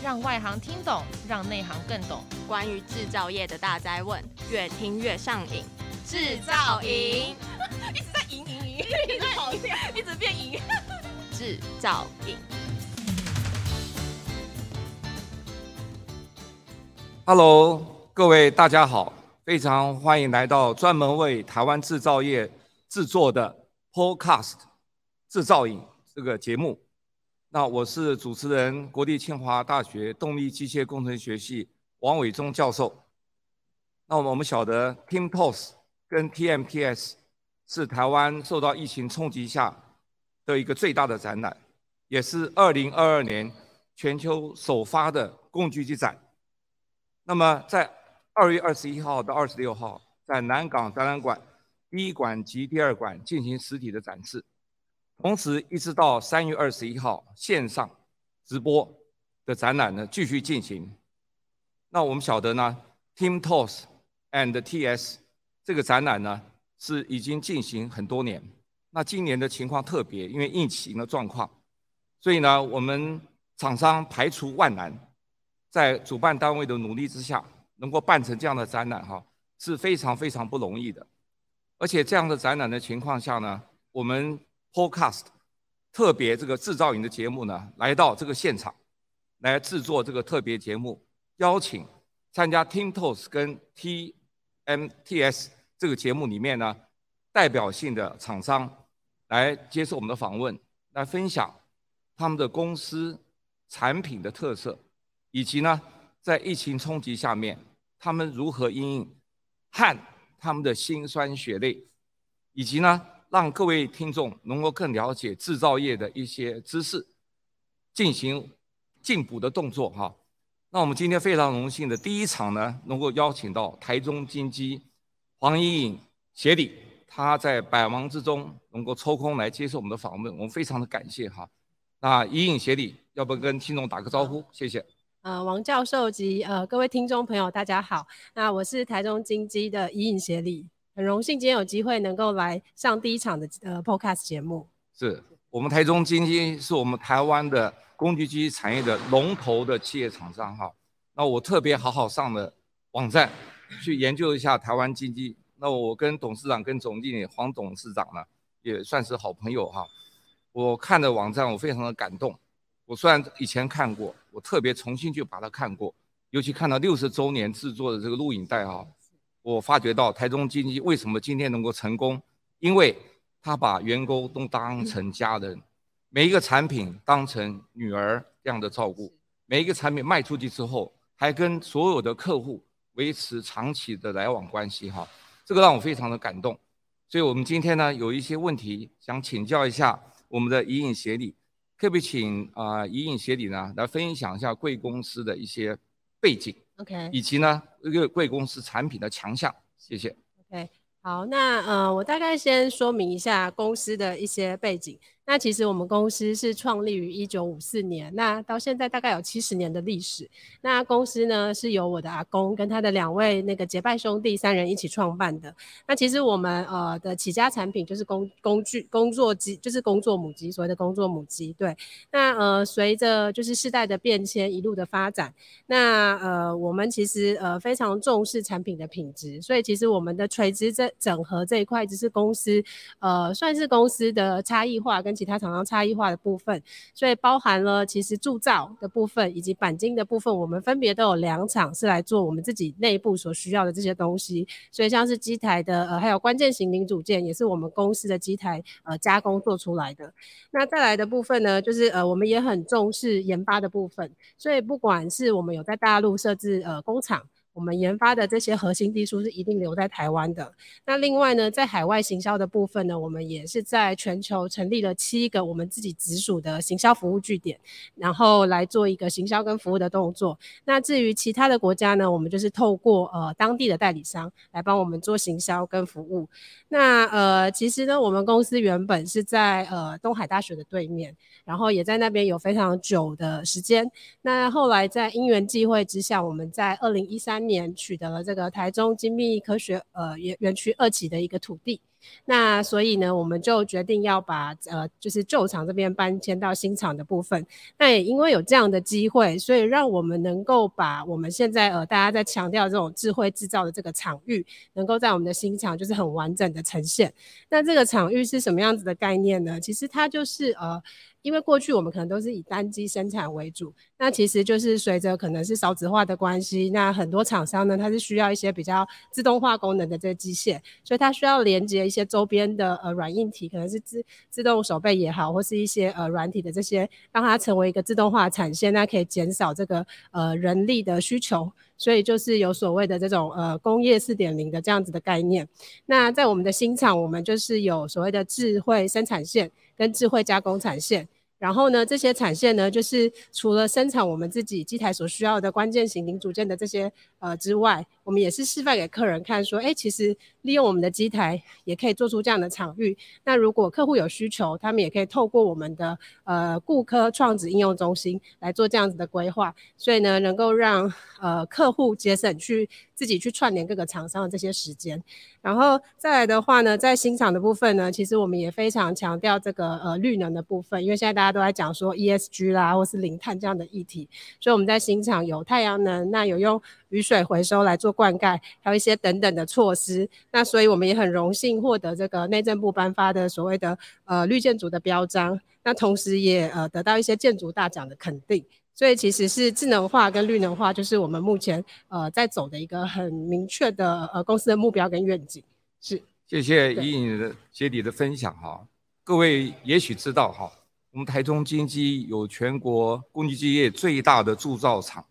讓外行聽懂，讓內行更懂。關於製造業的大災問，越聽越上癮。製造營一直在贏贏贏，一直在贏， 一直變贏。製 造營。Hello，各位大家好，非常歡迎來到專門為台灣製造業製作的 Podcast《製造營》這個節目。那我是主持人，國立清華大學動力機械工程學系王偉忠教授。那我們曉得 TIMTOS 跟 TMTS 是台灣受到疫情衝擊下的一個最大的展覽，也是二零二二年全球首發的工具機展。那麼在二月二十一號到二十六號，在南港展覽館第一館及第二館進行實體的展示。同時，一直到三月二十一號，線上直播的展覽呢繼續進行。那我們曉得呢，TIMTOS and TMTS 這個展覽呢是已經進行很多年。那今年的情況特別，因為疫情的狀況，所以呢，我們廠商排除萬難，在主辦單位的努力之下，能夠辦成這樣的展覽哈，是非常非常不容易的。而且這樣的展覽的情況下呢，我們 Podcast 特別這個製造營的節目呢，來到這個現場來制作這個特別節目，邀請參加 TIMTOS 跟 TMTS 這個節目裡面呢，代表性的廠商來接受我們的訪問，來分享他們的公司產品的特色，以及呢，在疫情衝擊下面他們如何因應對和他們的辛酸血淚，以及呢。讓各位聽眾能夠更了解製造業的一些知識，進行進補的動作哈。那我們今天非常榮幸的第一場呢，能夠邀請到台中精機黃怡穎協理，他在百忙之中能夠抽空來接受我們的訪問，我們非常的感謝哈。那怡穎協理，要不跟聽眾打個招呼，謝謝。呃，王教授及呃各位聽眾朋友，大家好，那我是台中精機的怡穎協理。很榮幸今天有機會能夠來上第一場的呃 Podcast 節目。是我，是我們台中精機是我們台灣的工具機產業的龍頭的企業廠商哈。那我特別好好上的網站去研究一下台灣精機。那我跟董事長跟總經理黃董事長呢也算是好朋友哈。我看的網站我非常的感動。我雖然以前看過，我特別重新去把它看過，尤其看到六十周年制作的這個錄影帶哈。我發覺到台中精機為什麼今天能夠成功，因為他把員工都當成家人，每一個產品當成女兒這樣的照顧，每一個產品賣出去之後，還跟所有的客戶維持長期的來往關係，哈，這個讓我非常的感動。所以我們今天呢，有一些問題想請教一下我們的怡穎協理，特別請啊怡穎協理呢來分享一下貴公司的一些背景。OK，以及呢，貴、這個、貴公司產品的強項，謝謝。OK，好，那呃，我大概先說明一下公司的一些背景。那其實我們公司是創立於一九五四年，那到現在大概有七十年的歷史。那公司呢，是由我的阿公跟他的兩位那個結拜兄弟三人一起創辦的。那其實我們呃的起家產品就是工工具工作機，就是工作母機，所謂的工作母機。對，那呃隨着就是世代的變遷，一路的發展，那呃我們其實呃非常重視產品的品質，所以其實我們的垂直整整合這一塊，就是公司呃算是公司的差異化跟其他廠商差異化的部分，所以包含了其實鑄造的部分以及鈑金的部分，我們分別都有兩廠是來做我們自己內部所需要的這些東西。所以像是機台的呃，還有關鍵型零組件，也是我們公司的機台呃加工做出來的。那再來的部分呢，就是呃我們也很重視研發的部分，所以不管是我們有在大陸設置呃工廠。我們研發的這些核心技術是一定留在台灣的。那另外呢，在海外行銷的部分呢，我們也是在全球成立了七個我們自己直屬的行銷服務據點，然後來做一個行銷跟服務的動作。那至於其他的國家呢，我們就是透過呃，當地的代理商來幫我們做行銷跟服務。那呃，其實呢，我們公司原本是在呃東海大學的對面，然後也在那邊有非常久的時間。那後來在因緣際會之下，我們在二零一三年年取得了這個台中精密科學呃、園園區二期的一個土地，那所以呢，我們就決定要把呃就是舊廠這邊搬遷到新廠的部分。那也因為有這樣的機會，所以讓我們能夠把我們現在呃大家在強調這種智慧製造的這個場域，能夠在我們的新廠就是很完整的呈現。那這個場域是什麼樣子的概念呢？其實它就是呃。因為過去我們可能都是以單機生產為主，那其實就是隨着可能是少子化的關係，那很多廠商呢，它是需要一些比較自動化功能的這個機械，所以它需要連接一些周邊的呃軟硬體，可能是自自動手背也好，或是一些呃軟體的這些，讓它成為一個自動化產線，那可以減少這個呃人力的需求，所以就是有所謂的這種呃工業四點零的這樣子的概念。那在我們的新廠，我們就是有所謂的智慧生產線。跟智慧加工產線，然後呢，這些產線呢，就是除了生產我們自己機台所需要的關鍵型零組件的這些呃之外，我們也是示範給客人看說，哎，其實利用我們的機台也可以做出這樣的場域。那如果客戶有需求，他們也可以透過我們的呃顧客創智應用中心來做這樣子的規劃。所以呢，能夠讓呃客戶節省去自己去串聯各個廠商的這些時間。然後再來的話呢，在新廠的部分呢，其實我們也非常強調這個呃綠能的部分，因為現在大家都在講說 ESG 啦，或是零碳這樣的議題。所以我們在新廠有太陽能，那有用雨水回收來做，灌溉，還有一些等等的措施。那所以我們也很榮幸獲得這個內政部頒發的所謂的呃綠建築的標章。那同時也呃得到一些建築大獎的肯定。所以其實是智能化跟綠能化，就是我們目前呃在走的一個很明確的呃公司的目標跟願景。是，謝謝怡穎協理的分享哈。各位也許知道哈，我們台中精機有全國工具機業最大的鑄造廠。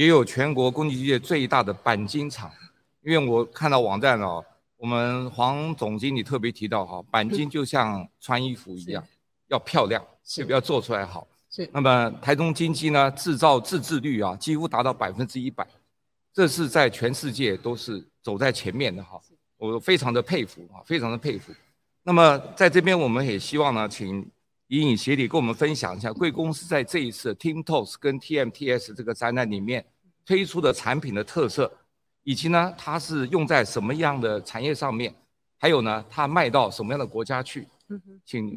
也有全國工具機界最大的鈑金廠，因為我看到網站了。啊，我們黃總經理特別提到哈，鈑金就像穿衣服一樣，要漂亮，要做出來好。是。那麼台中精機呢，製造自制率啊，幾乎達到百分之一百，這是在全世界都是走在前面的哈。啊，我非常的佩服啊，非常的佩服。那麼在這邊我們也希望呢，請怡穎協理跟我們分享一下貴公司在這一次 TIMTOS 跟 TMTS 這個展覽裡面。推出的產品的特色，以及呢，它是用在什麼樣的產業上面，還有呢，它賣到什麼樣的國家去？請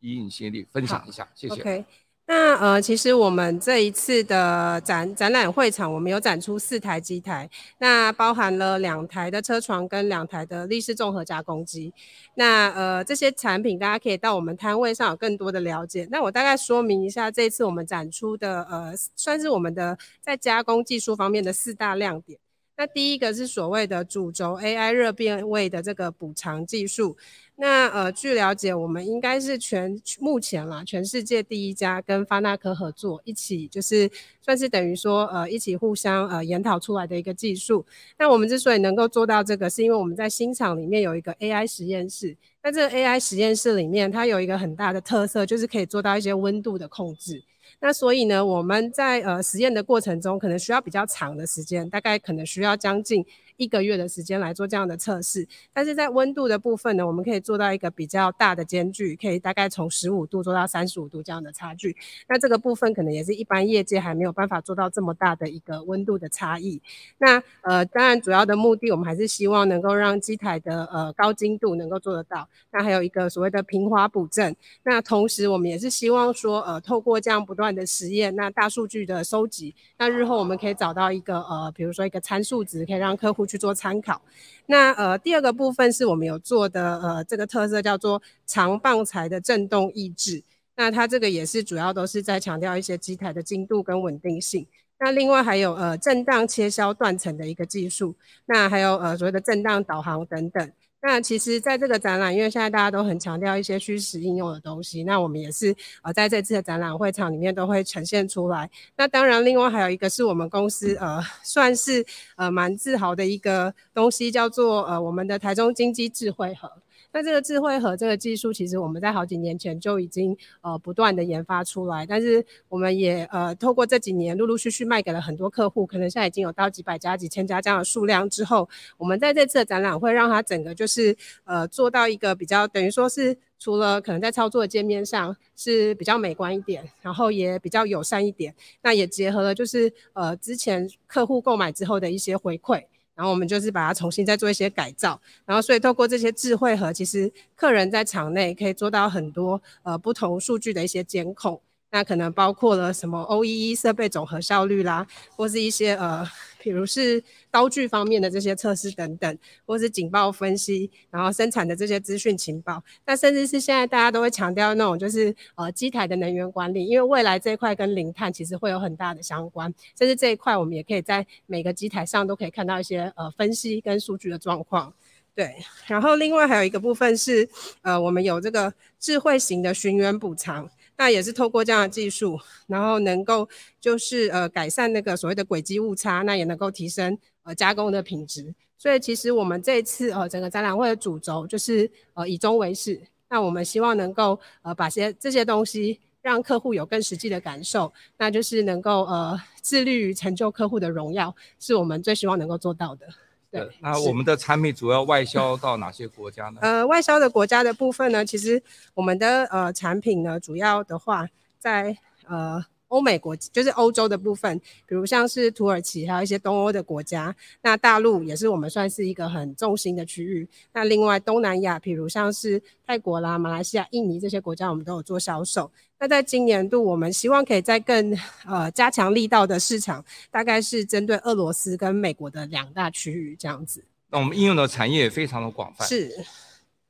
怡穎協理分享一下，謝謝。Okay. 那呃，其實我們這一次的展展覽會場，我們有展出四台機台，那包含了兩台的車床跟兩台的立式綜合加工機。那呃，這些產品大家可以到我們攤位上有更多的了解。那我大概說明一下，這一次我們展出的呃，算是我們的在加工技術方面的四大亮點。那第一個是所謂的主軸 AI 熱變位的這個補償技術。那呃，據了解，我們應該是全目前啦，全世界第一家跟發那科合作，一起就是算是等於說呃一起互相呃研討出來的一個技術。那我們之所以能夠做到這個，是因為我們在新廠裡面有一個 AI 實驗室。在這個 AI 實驗室裡面，它有一個很大的特色，就是可以做到一些溫度的控制。那所以呢，我們在呃實驗的過程中，可能需要比較長的時間，大概可能需要將近。一個月的時間來做這樣的測試，但是在溫度的部分呢，我們可以做到一個比較大的間距，可以大概從十五度做到三十五度這樣的差距。那這個部分可能也是一般業界還沒有辦法做到這麼大的一個溫度的差異。那呃，當然主要的目的我們還是希望能夠讓機台的呃高精度能夠做得到。那還有一個所謂的平滑補正。那同時我們也是希望說呃，透過這樣不斷的實驗，那大數據的收集，那日後我們可以找到一個呃，比如說一個參數值可以讓客戶。去做參考。那呃，第二個部分是我們有做的呃，這個特色叫做長棒材的振動抑制。那它這個也是主要都是在強調一些機台的精度跟穩定性。那另外還有呃，震盪切削斷層的一個技術。那還有呃，所謂的震盪導航等等。那其實，在這個展覽，因為現在大家都很強調一些虛實應用的東西，那我們也是呃在這次的展覽會場裡面都會呈現出來。那當然，另外還有一個是我們公司呃，算是呃蠻自豪的一個東西，叫做呃我們的台中精機智慧盒。那這個智慧和這個技術，其實我們在好幾年前就已經呃不斷的研發出來，但是我們也呃透過這幾年陸陸續續賣給了很多客戶，可能現在已經有到幾百家、幾千家這樣的數量之後，我們在這次的展覽會讓它整個就是呃做到一個比較等於說是，除了可能在操作的界面上是比較美觀一點，然後也比較友善一點，那也結合了就是呃之前客戶購買之後的一些回饋。然後我們就是把它重新再做一些改造，然後所以透過這些智慧盒，其實客人在場內可以做到很多呃不同數據的一些監控，那可能包括了什麼 OEE 設備總和效率啦，或是一些呃。比如是刀具方面的這些測試等等，或是警報分析，然後生產的這些資訊情報，那甚至是現在大家都會強調那種就是呃機台的能源管理，因為未來這一塊跟零碳其實會有很大的相關，甚至這一塊我們也可以在每個機台上都可以看到一些呃分析跟數據的狀況，對。然後另外還有一個部分是呃我們有這個智慧型的循圓補償。那也是透過這樣的技術，然後能夠就是呃改善那個所謂的軌跡誤差，那也能夠提升呃加工的品質。所以其實我們這一次呃整個展覽會的主軸就是呃以終為始，那我們希望能夠呃把些這些東西讓客戶有更實際的感受，那就是能夠呃致力於成就客戶的榮耀，是我們最希望能夠做到的。對，那我們的產品主要外銷到哪些國家呢？呃，外銷的國家的部分呢，其實我們的呃產品呢，主要的話在呃歐美國，就是歐洲的部分，比如像是土耳其，還有一些東歐的國家。那大陸也是我們算是一個很重心的區域。那另外東南亞，比如像是泰國啦、馬來西亞、印尼這些國家，我們都有做銷售。那在今年度，我們希望可以在更呃加強力道的市場，大概是針對俄羅斯跟美國的兩大區域這樣子。那我們應用的產業也非常的廣泛，是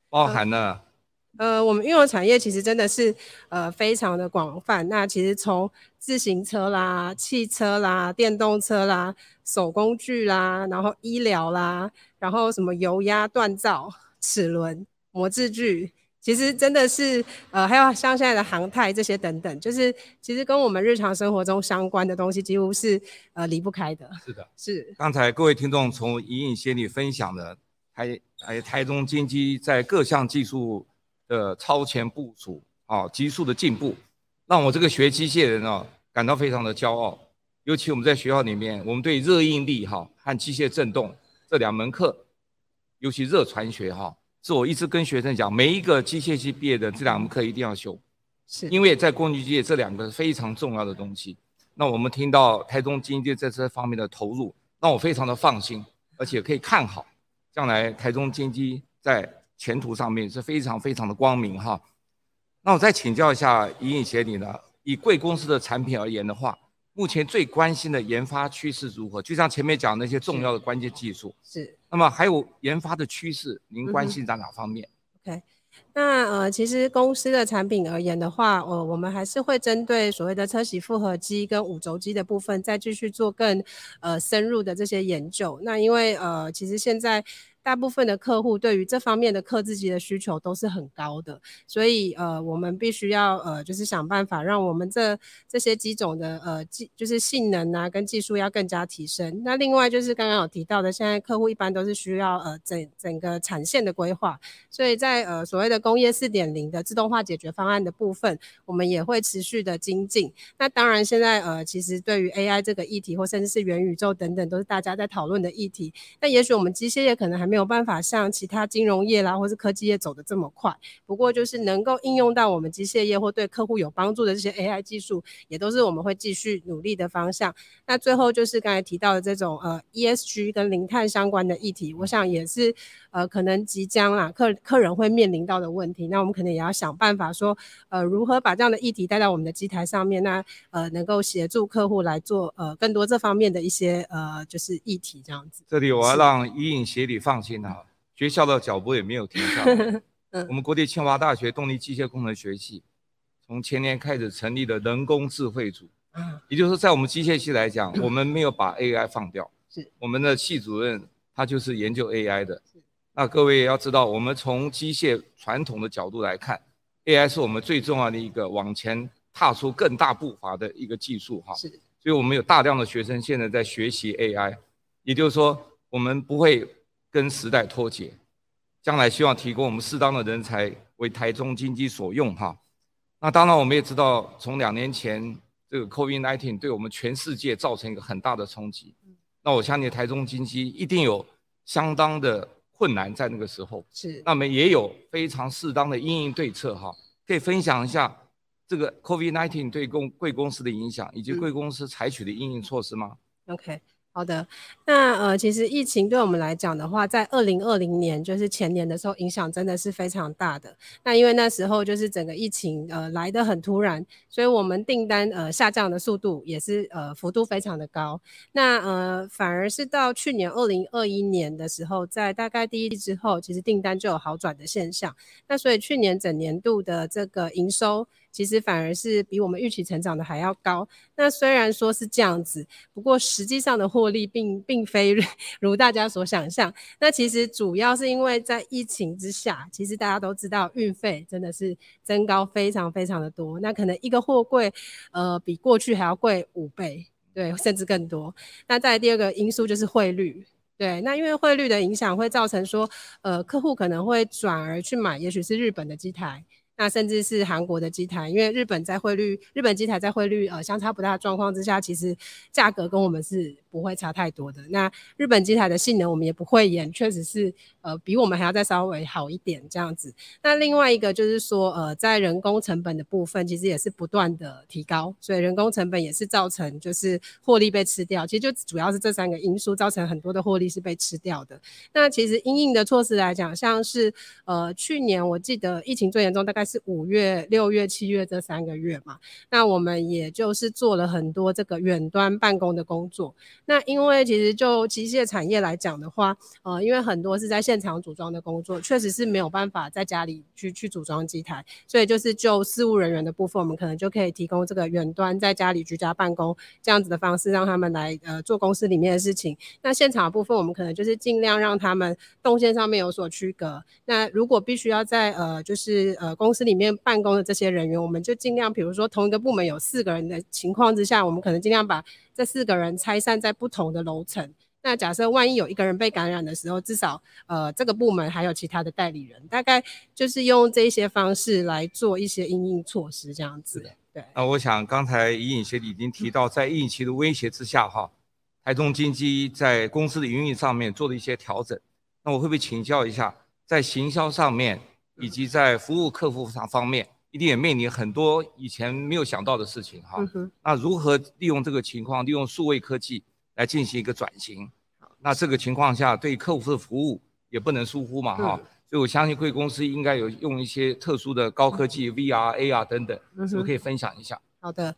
包含呢呃？呃，我們應用的產業其實真的是呃非常的廣泛。那其實從自行車啦、汽車啦、電動車啦、手工具啦，然後醫療啦，然後什麼油壓鍛造、齒輪、模制具。其實真的是，呃，還有像現在的航太這些等等，就是其實跟我們日常生活中相關的東西，幾乎是呃離不開的。是的，是。剛才各位聽眾從怡穎協理分享的台，台中精機在各項技術的超前部署，啊、哦，急速的進步，讓我這個學機械人哦，感到非常的驕傲。尤其我們在學校裡面，我們對熱應力哈、哦、和機械振動這兩門課，尤其熱傳學哈、哦。是我一直跟學生講，每一個機械系畢業的這兩門課一定要修，因為在工具機這兩個是非常重要的東西。那我們聽到台中精機在這方面的投入，讓我非常的放心，而且可以看好，將來台中精機在前途上面是非常非常的光明哈。那我再請教一下怡穎協理呢，以貴公司的產品而言的話。目前最關心的研發趨勢如何？就像前面講那些重要的關鍵技術是，是。那麼還有研發的趨勢，您關心在哪方面？嗯哼。OK，那呃，其實公司的產品而言的話，呃，我們還是會針對所謂的車銑複合機跟五軸機的部分，再繼續做更呃深入的這些研究。那因為呃，其實現在。大部分的客戶對於這方面的客製機的需求都是很高的，所以呃，我們必須要呃，就是想辦法讓我們這這些機種的呃技就是性能啊跟技術要更加提升。那另外就是剛剛有提到的，現在客戶一般都是需要呃整整個產線的規劃，所以在呃所謂的工業四點零的自動化解決方案的部分，我們也會持續的精進。那當然現在呃，其實對於 AI 這個議題，或甚至是元宇宙等等，都是大家在討論的議題。那也許我們機械業可能還沒有。沒有辦法像其他金融業啦，或是科技業走得這麼快，不過就是能夠應用到我們機械業或對客戶有幫助的這些 AI 技術，也都是我們會繼續努力的方向。那最後就是剛才提到的這種呃 ESG 跟零碳相關的議題，我想也是呃可能即將啦，客客人會面臨到的問題。那我們可能也要想辦法說，呃如何把這樣的議題帶到我們的機台上面，那呃能夠協助客戶來做呃更多這方面的一些呃就是議題這樣子。這裡我要讓怡穎協理放。放心哈，學校的腳步也沒有停下、 嗯。我們國立清華大學動力機械工程學系，從前年開始成立的人工智慧組，也就是說，在我們機械系來講，我們沒有把 AI 放掉。是，我們的系主任他就是研究 AI 的。那各位也要知道，我們從機械傳統的角度來看，AI 是我們最重要的一個往前踏出更大步伐的一個技術哈。是。所以我們有大量的學生現在在學習 AI，也就是說，我們不會。跟時代脫節，將來希望提供我們適當的人才為台中精機所用哈。那當然我們也知道，從兩年前這個 COVID-19 對我們全世界造成一個很大的衝擊，那我相信台中精機一定有相當的困難在那個時候。是。那我們也有非常適當的因應對策哈，可以分享一下這個 COVID-19 對公貴公司的影響以及貴公司採取的因應措施嗎、嗯、？OK。好的，那呃，其實疫情對我們來講的話，在二零二零年，就是前年的時候，影響真的是非常大的。那因為那時候就是整個疫情呃來得很突然，所以我們訂單呃下降的速度也是呃幅度非常的高。那呃反而是到去年二零二一年的時候，在大概第一季之後，其實訂單就有好轉的現象。那所以去年整年度的這個營收。其實反而是比我們預期成長的還要高。那雖然說是這樣子，不過實際上的獲利並並非如大家所想象。那其實主要是因為在疫情之下，其實大家都知道運費真的是增高非常非常的多。那可能一個貨櫃，呃，比過去還要貴五倍，對，甚至更多。那再第二個因素就是匯率，對，那因為匯率的影響會造成說，呃，客戶可能會轉而去買，也許是日本的機台。那甚至是韓國的機台，因為日本在匯率，日本機台在匯率呃相差不大的狀況之下，其實價格跟我們是不會差太多的。那日本機台的性能我們也不會演，確實是呃比我們還要再稍微好一點這樣子。那另外一個就是說呃在人工成本的部分，其實也是不斷的提高，所以人工成本也是造成就是獲利被吃掉。其實就主要是這三個因素造成很多的獲利是被吃掉的。那其實因應的措施來講，像是呃去年我記得疫情最嚴重，大概。是五月、六月、七月這三個月嘛？那我們也就是做了很多這個遠端辦公的工作。那因為其實就機械產業來講的話，呃，因為很多是在現場組裝的工作，確實是沒有辦法在家裡去去組裝機台，所以就是就事務人員的部分，我們可能就可以提供這個遠端在家裡居家辦公這樣子的方式，讓他們來呃做公司裡面的事情。那現場的部分，我們可能就是盡量讓他們動線上面有所區隔。那如果必須要在呃就是呃公司這裡面辦公的這些人員，我們就盡量，比如說同一個部門有四個人的情況之下，我們可能盡量把這四個人拆散在不同的樓層。那假設萬一有一個人被感染的時候，至少呃這個部門還有其他的代理人，大概就是用這些方式來做一些因應措施這樣子的。對。那我想剛才怡穎協理已經提到，在疫情的威脅之下，哈、嗯，台中精機在公司的營運上面做了一些調整。那我會不會請教一下，在行銷上面？以及在服務客戶上方面，一定也面臨很多以前沒有想到的事情哈、嗯。那如何利用這個情況，利用數位科技來進行一個轉型、嗯？那這個情況下，對客戶的服務也不能疏忽嘛哈、嗯。所以我相信貴公司應該有用一些特殊的高科技、嗯、VR、AR 等等，嗯、我們可以分享一下。好的，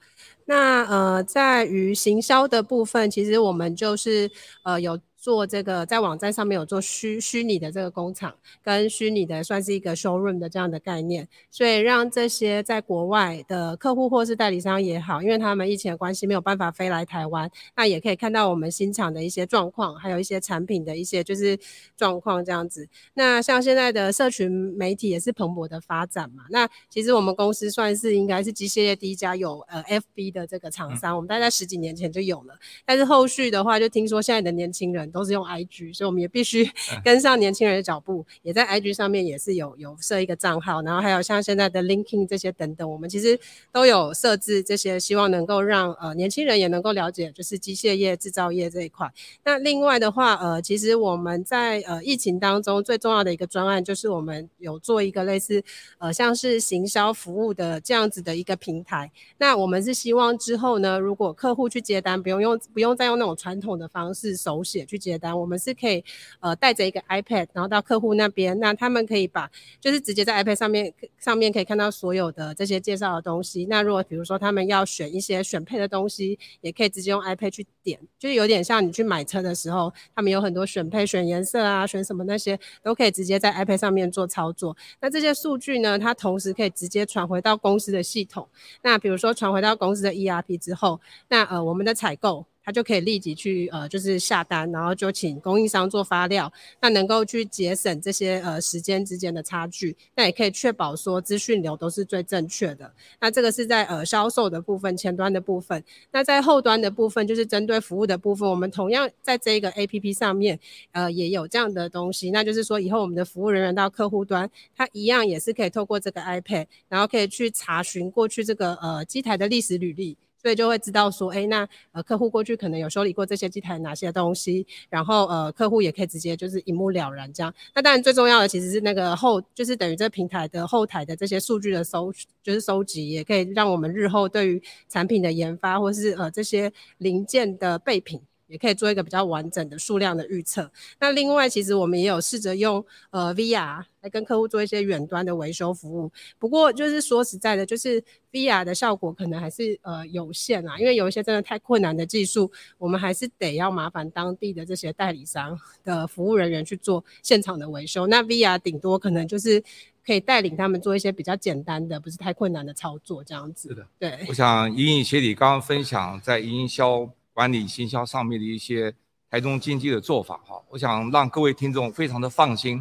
那呃，在於行銷的部分，其實我們就是呃有。做這個在網站上面有做虛虛擬的這個工廠跟虛擬的算是一個 showroom 的這樣的概念，所以讓這些在國外的客戶或是代理商也好，因為他們疫情的關係沒有辦法飛來台灣，那也可以看到我們新廠的一些狀況，還有一些產品的一些就是狀況這樣子。那像現在的社群媒體也是蓬勃的發展嘛，那其實我們公司算是應該是機械業第一家有呃 FB 的這個廠商、嗯，我們大概十幾年前就有了，但是後續的話就聽說現在的年輕人。都是用 IG，所以我們也必須跟上年輕人的腳步，也在 IG 上面也是有有設一個賬號，然後還有像現在的 Linking 這些等等，我們其實都有設置這些，希望能夠讓呃年輕人也能夠了解，就是機械業、制造業這一塊。那另外的話，呃，其實我們在呃疫情當中最重要的一個專案，就是我們有做一個類似呃像是行銷服務的這樣子的一個平台。那我們是希望之後呢，如果客戶去接單，不用用不用再用那種傳統的方式手寫去。接單，我們是可以，呃，帶着一個 iPad，然後到客戶那邊，那他們可以把，就是直接在 iPad 上面上面可以看到所有的這些介紹的東西。那如果比如說他們要選一些選配的東西，也可以直接用 iPad 去點，就是有點像你去買車的時候，他們有很多選配、選顏色啊、選什麼那些，都可以直接在 iPad 上面做操作。那這些數據呢，它同時可以直接傳回到公司的系統。那比如說傳回到公司的 ERP 之後，那呃，我們的採購。他就可以立即去呃，就是下單，然後就請供應商做發料，那能夠去節省這些呃時間之間的差距，那也可以確保說資訊流都是最正確的。那這個是在呃銷售的部分，前端的部分。那在後端的部分，就是針對服務的部分，我們同樣在這一個 APP 上面，呃，也有這樣的東西。那就是說，以後我們的服務人員到客戶端，他一樣也是可以透過這個 iPad，然後可以去查詢過去這個呃機台的歷史履歷。所以就會知道說，哎，那呃客戶過去可能有修理過這些機台哪些東西，然後呃客戶也可以直接就是一目了然這樣。那當然最重要的其實是那個後，就是等於這個平台的後台的這些數據的收，就是收集，也可以讓我們日後對於產品的研發或是呃這些零件的備品，也可以做一個比較完整的數量的預測。那另外，其實我們也有試着用呃 VR 來跟客戶做一些遠端的維修服務。不過，就是說實在的，就是 VR 的效果可能還是呃有限啊，因為有一些真的太困難的技術，我們還是得要麻煩當地的這些代理商的服務人員去做現場的維修。那 VR 頂多可能就是可以帶領他們做一些比較簡單的，不是太困難的操作這樣子。是的，對。我想怡穎協理剛剛分享在營銷管理行銷上面的一些台中精機的做法哈，我想讓各位聽眾非常的放心，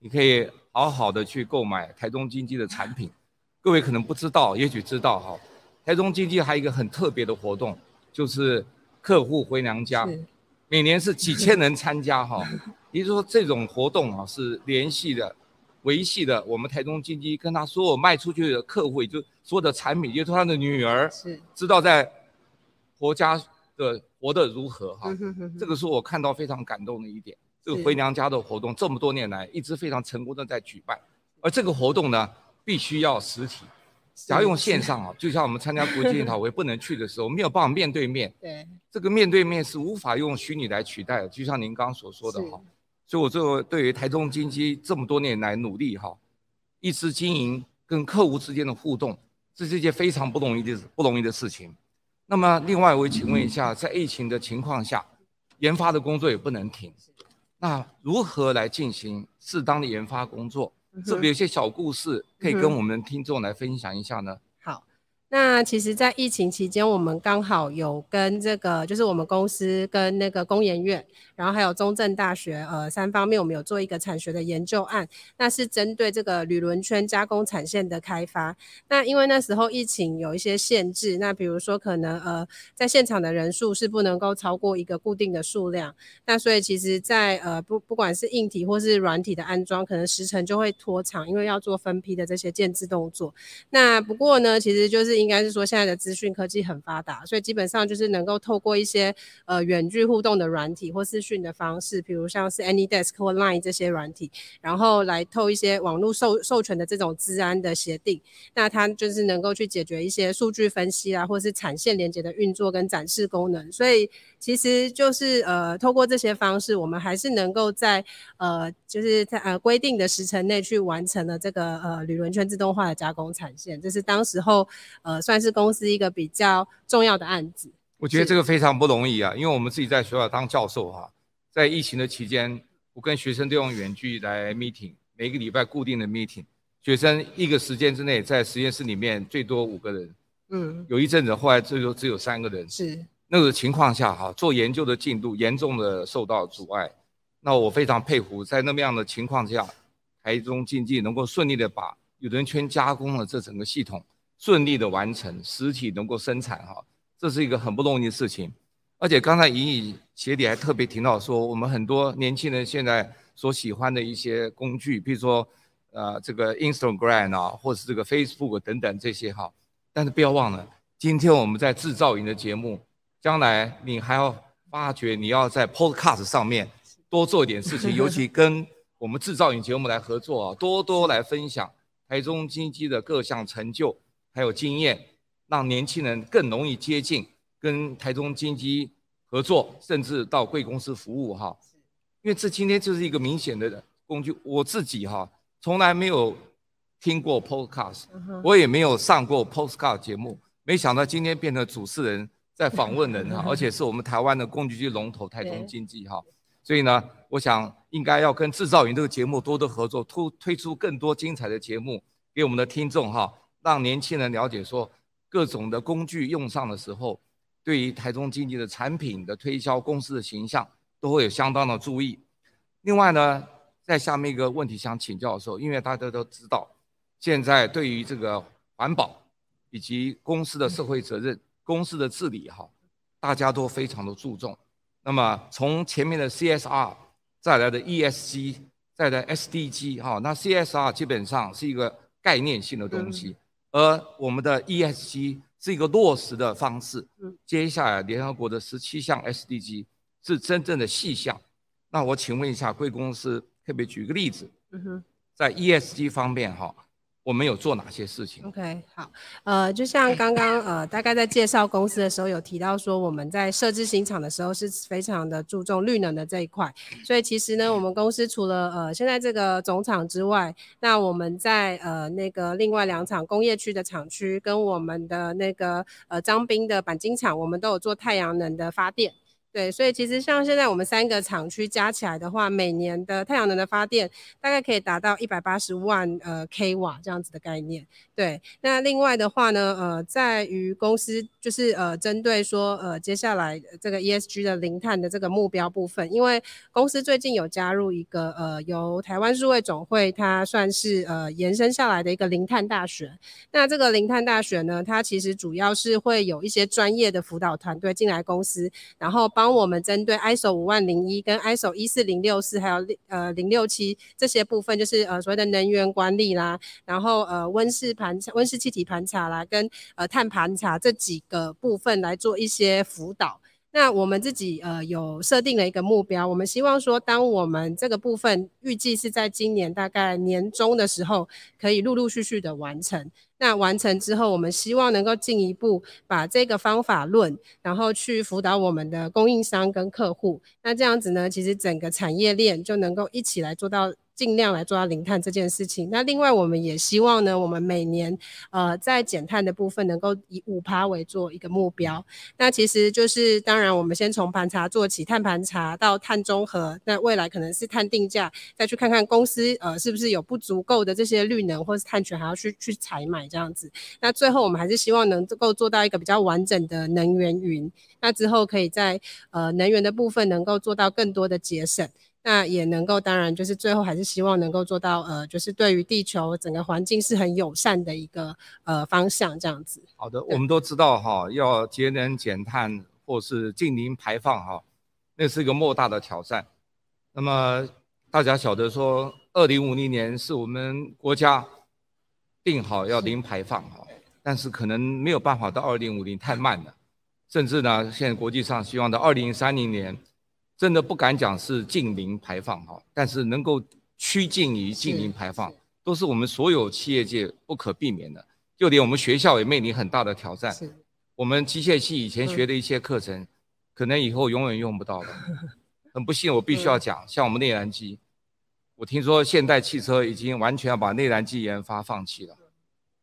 你可以好好的去購買台中精機的產品。各位可能不知道，也許知道哈，台中精機還有一個很特別的活動，就是客戶回娘家，每年是幾千人參加哈。也就是說，這種活動啊是聯繫的、維繫的，我們台中精機跟他所有賣出去的客戶，也就所有的產品，也就是他的女兒是知道在婆家。對，活得如何哈？ 這個是我看到非常感動的一點。這個回娘家的活動這麼多年來一直非常成功的在舉辦，而這個活動呢，必須要實體，只要用線上啊。就像我們參加國際研討會不能去的時候，沒有辦法面對面。對，這個面對面是無法用虛擬來取代的。就像您剛剛所說的哈，所以我最後對於台中經濟台中精機這麼多年來努力哈，一直經營跟客戶之間的互動，這是一件非常不容易的不容易的事情。那麼，另外我也請問一下，在疫情的情況下，研發的工作也不能停，那如何來進行適當的研發工作？這有些小故事可以跟我們聽眾來分享一下呢？那其實，在疫情期間，我們剛好有跟這個，就是我們公司跟那個工研院，然後還有中正大學，呃，三方面我們有做一個產學的研究案。那是針對這個鋁輪圈加工產線的開發。那因為那時候疫情有一些限制，那比如說可能呃，在現場的人數是不能夠超過一個固定的數量。那所以其實在，在呃不不管是硬體或是軟體的安裝，可能時程就會拖長，因為要做分批的這些建置動作。那不過呢，其實就是。應該是說現在的資訊科技很發達，所以基本上就是能夠透過一些呃遠距互動的軟體或視訊的方式，比如像是 AnyDesk 或 Line 這些軟體，然後來透一些網絡授授權的這種資安的協定，那它就是能夠去解決一些數據分析啊，或是產線連接的運作跟展示功能。所以其實就是呃透過這些方式，我們還是能夠在呃。就是在呃規定的時辰內去完成了這個呃鋁輪圈自動化的加工產線，這是當時候呃算是公司一個比較重要的案子。我覺得這個非常不容易啊，因為我們自己在學校當教授哈、啊，在疫情的期間，我跟學生都用遠距來 meeting，每個禮拜固定的 meeting，學生一個時間之內在實驗室裡面最多五個人，嗯，有一陣子後來最多只有三個人，是那個情況下哈、啊，做研究的進度嚴重的受到阻礙。那我非常佩服，在那麼樣的情況下，台中精機能夠順利的把有的人圈加工了這整個系統順利的完成，實體能夠生產哈，這是一個很不容易的事情。而且剛才怡穎協理還特別提到說，我們很多年輕人現在所喜歡的一些工具，比如說呃這個 Instagram 啊，或者是這個 Facebook 等等這些哈，但是不要忘了，今天我們在製造營的節目，將來你還要發掘你要在 Podcast 上面。多做一點事情，尤其跟我們製造業節目來合作啊，多多來分享台中精機的各項成就還有經驗，讓年輕人更容易接近跟台中精機合作，甚至到貴公司服務哈、啊。因為這今天就是一個明顯的工具，我自己哈、啊、從來沒有聽過 Podcast，我也沒有上過 Podcast 節目，沒想到今天變成主持人在訪問人哈、啊，而且是我們台灣的工具機龍頭台中精機哈、啊。所以呢，我想應該要跟《製造雲》這個節目多多合作，推推出更多精彩的節目給我們的聽眾哈，讓年輕人了解說各種的工具用上的時候，對於台中精機的產品的推銷、公司的形象都會有相當的注意。另外呢，在下面一個問題想請教的時候，因為大家都知道，現在對於這個環保以及公司的社會責任、公司的治理哈，大家都非常的注重。那麼從前面的 CSR 再來的 ESG 再來的 SDG 哈，那 CSR 基本上是一個概念性的東西，而我們的 ESG 是一個落實的方式。接下來聯合國的十七項 SDG 是真正的細項。那我請問一下貴公司，特別舉個例子，在 ESG 方面哈。我們有做哪些事情？OK，好，呃，就像剛剛呃，大概在介紹公司的時候有提到說， 我們在設置新廠的時候是非常的注重綠能的這一塊，所以其實呢，我們公司除了呃現在這個總廠之外，那我們在呃那個另外兩廠工業區的廠區跟我們的那個呃彰濱的鈑金廠，我們都有做太陽能的發電。對，所以其實像現在我們三個廠區加起來的話，每年的太陽能的發電大概可以達到一百八十萬呃 K 瓦這樣子的概念。對，那另外的話呢，呃，在於公司。就是呃，針對說呃，接下來這個 ESG 的零碳的這個目標部分，因為公司最近有加入一個呃，由台灣數位總會它算是呃延伸下來的一個零碳大學。那這個零碳大學呢，它其實主要是會有一些專業的輔導團隊進來公司，然後幫我們針對 ISO 五萬零一跟 ISO 一四零六四還有零呃零六七這些部分，就是呃所謂的能源管理啦，然後呃溫室盤溫室氣體盤查啦跟呃碳盤查這幾的部分來做一些輔導。那我們自己呃，有設定了一個目標，我們希望說，當我們這個部分預計是在今年大概年中的時候，可以陸陸續續的完成。那完成之後，我們希望能夠進一步把這個方法論，然後去輔導我們的供應商跟客戶。那這樣子呢，其實整個產業鏈就能夠一起來做到。儘量來做到零碳這件事情。那另外，我們也希望呢，我們每年呃，在減碳的部分能夠以五趴為做一個目標。那其實就是，當然我們先從盤查做起，碳盤查到碳中和。那未來可能是碳定價，再去看看公司呃是不是有不足夠的這些綠能或是碳權，還要去去採買這樣子。那最後，我們還是希望能夠做到一個比較完整的能源雲。那之後，可以在呃能源的部分能夠做到更多的節省。那也能夠，當然就是最後還是希望能夠做到，呃，就是對於地球整個環境是很友善的一個呃方向這樣子。好的，我們都知道哈、啊，要節能減碳或是淨零排放哈、啊，那是一個莫大的挑戰。那麼大家曉得說，二零五零年是我們國家定好要零排放哈、啊，但是可能沒有辦法到二零五零，太慢了，甚至呢，現在國際上希望到二零三零年。真的不敢講是淨零排放哈，但是能夠趨近於淨零排放，都是我們所有企業界不可避免的。就連我們學校也面臨很大的挑戰。我們機械系以前學的一些課程，可能以後永遠用不到了。很不幸，我必須要講，像我們內燃機，我聽說現代汽車已經完全要把內燃機研發放棄了，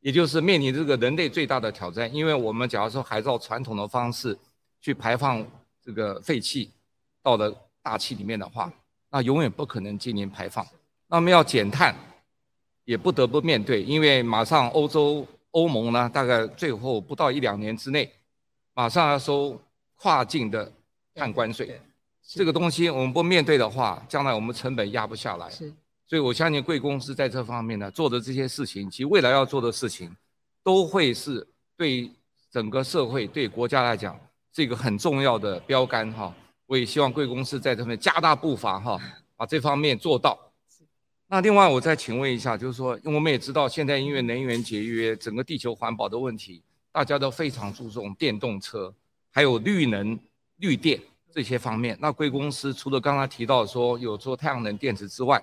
也就是面臨這個人類最大的挑戰。因為我們假如說還照傳統的方式去排放這個廢氣。到了大氣裡面的話，那永遠不可能進行排放。那我們要減碳，也不得不面對，因為馬上歐洲歐盟呢，大概最後不到一兩年之內，馬上要收跨境的碳關稅。嗯、這個東西我們不面對的話，將來我們成本壓不下來。所以我相信貴公司在這方面呢，做的這些事情及未來要做的事情，都會是對整個社會、對國家來講是一個很重要的標杆哈。我也希望貴公司在這邊加大步伐哈，把這方面做到。那另外我再請問一下，就是說，因為我們也知道現在因為能源節約、整個地球環保的問題，大家都非常注重電動車，還有綠能、綠電這些方面。那貴公司除了剛才提到說有做太陽能電池之外，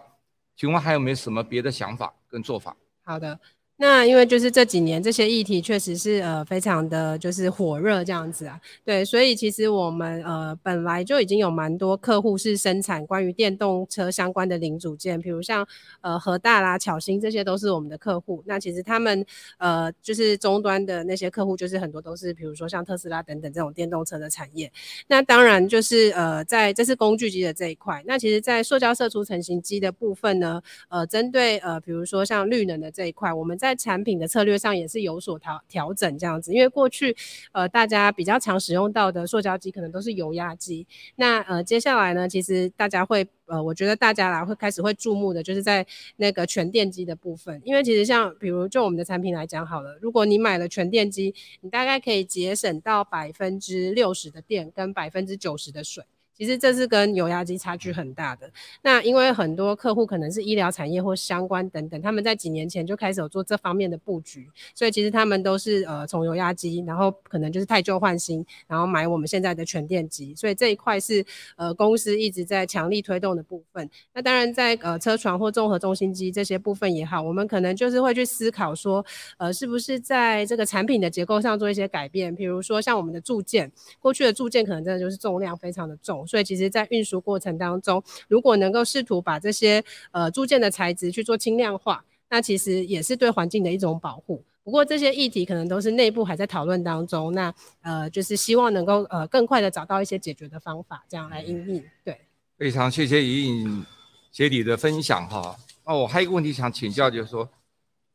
請問還有沒有什麼別的想法跟做法？好的。那因為就是這幾年這些議題確實是呃非常的就是火熱這樣子啊，對，所以其實我們呃本來就已經有蠻多客戶是生產關於電動車相關的零組件，比如像呃和大啦、巧新這些都是我們的客戶。那其實他們呃就是終端的那些客戶，就是很多都是比如說像特斯拉等等這種電動車的產業。那當然就是呃在這是工具機的這一塊，那其實在塑膠射出成型機的部分呢，呃針對呃比如說像綠能的這一塊，我們。在產品的策略上也是有所調調整，這樣子，因為過去，呃，大家比較常使用到的塑膠機可能都是油壓機。那呃，接下來呢，其實大家會，呃，我覺得大家來會開始會注目的，就是在那個全電機的部分，因為其實像比如就我們的產品來講好了，如果你買了全電機，你大概可以節省到百分之六十的電跟百分之九十的水。其實這是跟油壓機差距很大的，那因為很多客戶可能是醫療產業或相關等等，他們在幾年前就開始有做這方面的布局，所以其實他們都是呃從油壓機，然後可能就是汰舊換新，然後買我們現在的全電機，所以這一塊是呃公司一直在強力推動的部分。那當然在呃車床或綜合中心機這些部分也好，我們可能就是會去思考說，呃是不是在這個產品的結構上做一些改變，比如說像我們的鑄件，過去的鑄件可能真的就是重量非常的重。所以，其實，在運輸過程當中，如果能夠試圖把這些呃鑄件的材質去做輕量化，那其實也是對環境的一種保護。不過，這些議題可能都是內部還在討論當中。那呃，就是希望能夠呃更快的找到一些解決的方法，這樣來應對。對，非常謝謝怡穎姐姐的分享哈。哦，我還有一個問題想請教，就是說，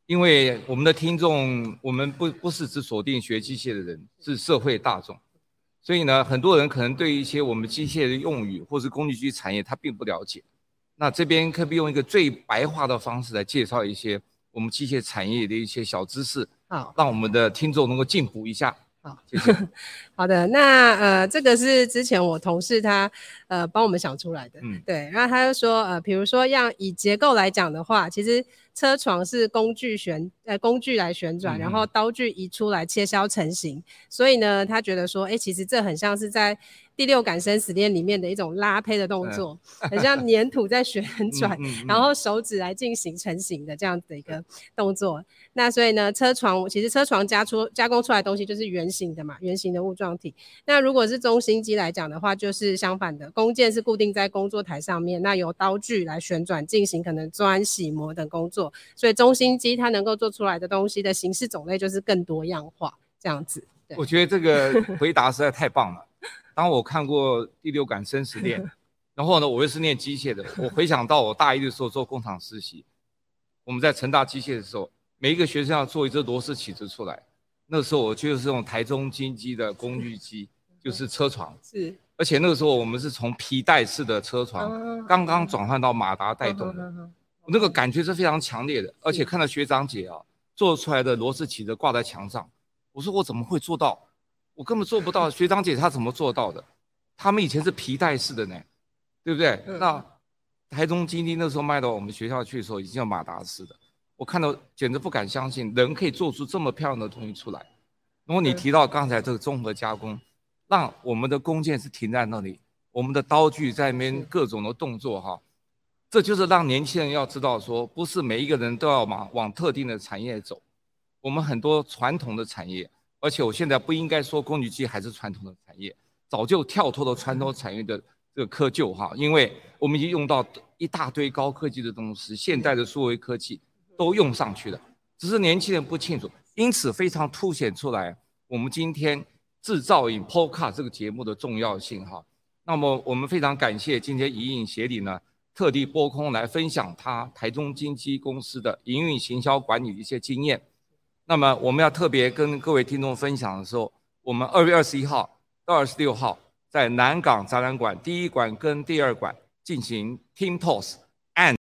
因為我們的聽眾，我們不不是只鎖定學機械的人，是社會大眾。所以呢，很多人可能對一些我們機械的用語，或是工具機產業，他並不了解。那這邊可不可以用一個最白話的方式來介紹一些我們機械產業的一些小知識？啊，讓我們的聽眾能夠進步一下。好、啊，謝謝。好的，那呃，這個是之前我同事他呃幫我們想出來的。嗯，對。然後他就說，呃，比如說要以結構來講的話，其實。車床是工具旋，呃，工具來旋轉，然後刀具移出來切削成型。嗯。所以呢，他覺得說，哎、欸，其實這很像是在第六感生死戀裡面的一種拉坯的動作、嗯，很像粘土在旋轉， 嗯嗯嗯、然後手指來進行成型的這樣子的一個動作。那所以呢，車床其實車床加出加工出來的東西就是圓形的嘛，圓形的物狀體。那如果是中心機來講的話，就是相反的，工件是固定在工作台上面，那由刀具來旋轉進行可能鑽、銑、磨等工作。所以中心機它能夠做出來的東西的形式種類就是更多樣化，這樣子。對我覺得這個回答實在太棒了。 當我看過第六感生死戀，然後呢，我又是念機械的。我回想到我大一的時候做工廠實習，我們在成大機械的時候，每一個學生要做一隻螺絲起子出來。那時候我就是用台中精機的工具機，就是車床。是，而且那個時候我們是從皮帶式的車床剛剛轉換到馬達帶動的，我那個感覺是非常強烈的。而且看到學長姐啊做出來的螺絲起子掛在牆上，我說，我怎麼會做到？我根本做不到，學長姐她怎麼做到的？他們以前是皮帶式的呢，對不對，對？那台中精機那時候賣到我們學校去的時候，已經叫馬達式的。我看到簡直不敢相信，人可以做出這麼漂亮的東西出來。如果你提到剛才這個綜合加工，讓我們的工件是停在那裡，我們的刀具在裡面各種的動作哈，這就是讓年輕人要知道說，不是每一個人都要往往特定的產業走，我們很多傳統的產業。而且我現在不應該說工具機還是傳統的產業，早就跳脫了傳統產業的這個窠臼哈，因為我們已經用到一大堆高科技的東西，現代的數位科技都用上去了，只是年輕人不清楚，因此非常凸顯出來我們今天製造業 Podcast 這個節目的重要性哈。那麼我們非常感謝今天怡穎協理呢，特地撥空來分享他台中精機公司的營運行銷管理一些經驗。那麼我們要特別跟各位聽眾分享的時候，我們二月二十一號到二十六號在南港展覽館第一館跟第二館進行 TIMTOS。